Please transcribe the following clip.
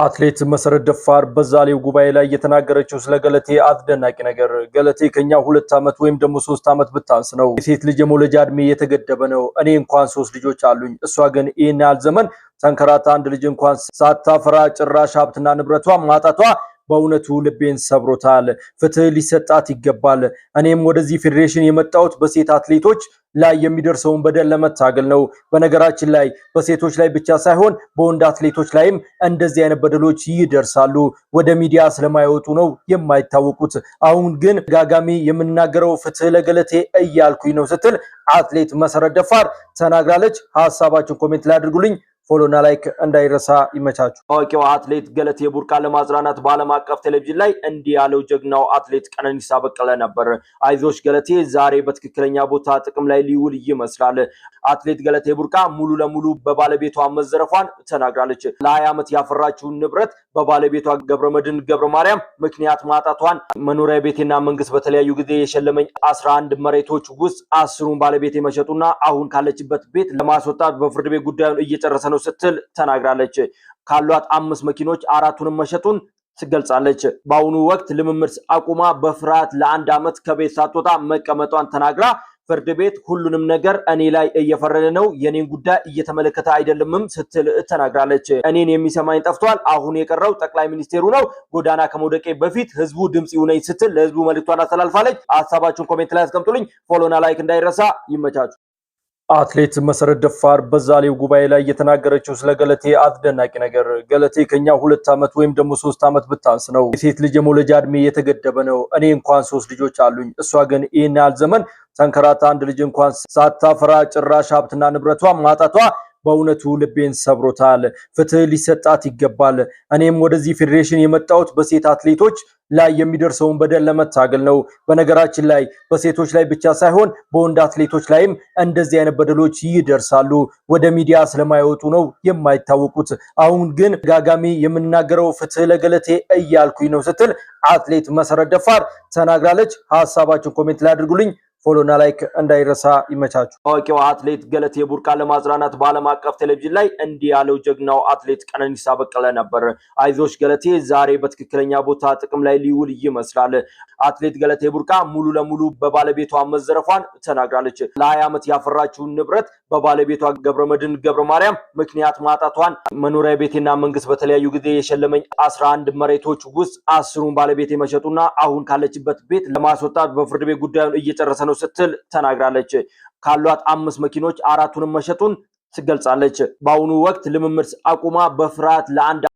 አትሌት መሰረት ደፋር በዛሌው ጉባኤ ላይ የተናገረችው ስለ ገለቴ አስደናቂ ነገር። ገለቴ ከኛ ሁለት ዓመት ወይም ደግሞ ሶስት ዓመት ብታንስ ነው። የሴት ልጅ የመውለጃ እድሜ የተገደበ ነው። እኔ እንኳን ሶስት ልጆች አሉኝ። እሷ ግን ይህን ያህል ዘመን ተንከራታ አንድ ልጅ እንኳን ሳታፈራ ጭራሽ ሀብትና ንብረቷ ማጣቷ በእውነቱ ልቤን ሰብሮታል። ፍትህ ሊሰጣት ይገባል። እኔም ወደዚህ ፌዴሬሽን የመጣሁት በሴት አትሌቶች ላይ የሚደርሰውን በደል ለመታገል ነው። በነገራችን ላይ በሴቶች ላይ ብቻ ሳይሆን በወንድ አትሌቶች ላይም እንደዚህ አይነት በደሎች ይደርሳሉ። ወደ ሚዲያ ስለማይወጡ ነው የማይታወቁት። አሁን ግን ደጋጋሚ የምናገረው ፍትህ ለገለቴ እያልኩኝ ነው ስትል አትሌት መሰረት ደፋር ተናግራለች። ሀሳባችን ኮሜንት ላይ አድርጉልኝ። ፎሎና ላይክ እንዳይረሳ ይመቻችሁ። ታዋቂው አትሌት ገለቴ ቡርቃ ለማጽናናት በዓለም አቀፍ ቴሌቪዥን ላይ እንዲህ ያለው ጀግናው አትሌት ቀነኒሳ በቀለ ነበር። አይዞሽ ገለቴ ዛሬ በትክክለኛ ቦታ ጥቅም ላይ ሊውል ይመስላል። አትሌት ገለቴ ቡርቃ ሙሉ ለሙሉ በባለቤቷ መዘረፏን ተናግራለች። ለሀያ ዓመት ያፈራችውን ንብረት በባለቤቷ ገብረመድን ገብረ ማርያም ምክንያት ማጣቷን መኖሪያ ቤቴና መንግስት በተለያዩ ጊዜ የሸለመኝ አስራ አንድ መሬቶች ውስጥ አስሩን ባለቤቴ መሸጡና አሁን ካለችበት ቤት ለማስወጣት በፍርድ ቤት ጉዳዩን እየጨረሰ ነው ነው ስትል ተናግራለች። ካሏት አምስት መኪኖች አራቱንም መሸጡን ትገልጻለች። በአሁኑ ወቅት ልምምድ አቁማ በፍርሃት ለአንድ ዓመት ከቤት ሳትወጣ መቀመጧን ተናግራ ፍርድ ቤት ሁሉንም ነገር እኔ ላይ እየፈረደ ነው፣ የኔን ጉዳይ እየተመለከተ አይደለምም ስትል ተናግራለች። እኔን የሚሰማኝ ጠፍቷል፣ አሁን የቀረው ጠቅላይ ሚኒስቴሩ ነው፣ ጎዳና ከመውደቄ በፊት ህዝቡ ድምፅ ይሁነኝ ስትል ለህዝቡ መልዕክቷን አስተላልፋለች። ሀሳባችሁን ኮሜንት ላይ አስቀምጡልኝ። ፎሎና ላይክ እንዳይረሳ። ይመቻችሁ። አትሌት መሰረት ደፋር በዛሌው ጉባኤ ላይ የተናገረችው ስለ ገለቴ አስደናቂ ነገር፣ ገለቴ ከኛ ሁለት ዓመት ወይም ደግሞ ሶስት ዓመት ብታንስ ነው። የሴት ልጅ የመውለጃ እድሜ የተገደበ ነው። እኔ እንኳን ሶስት ልጆች አሉኝ። እሷ ግን ይህን ያህል ዘመን ተንከራታ አንድ ልጅ እንኳን ሳታፈራ ጭራሽ ሀብትና ንብረቷ ማጣቷ በእውነቱ ልቤን ሰብሮታል። ፍትህ ሊሰጣት ይገባል። እኔም ወደዚህ ፌዴሬሽን የመጣሁት በሴት አትሌቶች ላይ የሚደርሰውን በደል ለመታገል ነው። በነገራችን ላይ በሴቶች ላይ ብቻ ሳይሆን በወንድ አትሌቶች ላይም እንደዚህ አይነት በደሎች ይደርሳሉ። ወደ ሚዲያ ስለማይወጡ ነው የማይታወቁት። አሁን ግን ጋጋሚ የምናገረው ፍትህ ለገለቴ እያልኩኝ ነው ስትል አትሌት መሰረት ደፋር ተናግራለች። ሀሳባችን ኮሜንት ላይ አድርጉልኝ። ፎሎና ላይክ እንዳይረሳ ይመቻችሁ። ታዋቂው አትሌት ገለቴ ቡርቃ ለማጽናናት በዓለም አቀፍ ቴሌቪዥን ላይ እንዲህ ያለው ጀግናው አትሌት ቀነኒሳ በቀለ ነበር። አይዞሽ ገለቴ ዛሬ በትክክለኛ ቦታ ጥቅም ላይ ሊውል ይመስላል። አትሌት ገለቴ ቡርቃ ሙሉ ለሙሉ በባለቤቷ መዘረፏን ተናግራለች። ለሀያ ዓመት ያፈራችውን ንብረት በባለቤቷ ገብረመድህን ገብረ ማርያም ምክንያት ማጣቷን መኖሪያ ቤቴና መንግስት በተለያዩ ጊዜ የሸለመኝ አስራ አንድ መሬቶች ውስጥ አስሩን ባለቤቴ መሸጡና አሁን ካለችበት ቤት ለማስወጣት በፍርድ ቤት ጉዳዩን እየጨረሰ ነው ስትል ተናግራለች። ካሏት አምስት መኪኖች አራቱንም መሸጡን ትገልጻለች። በአሁኑ ወቅት ልምምድ አቁማ በፍርሃት ለአንድ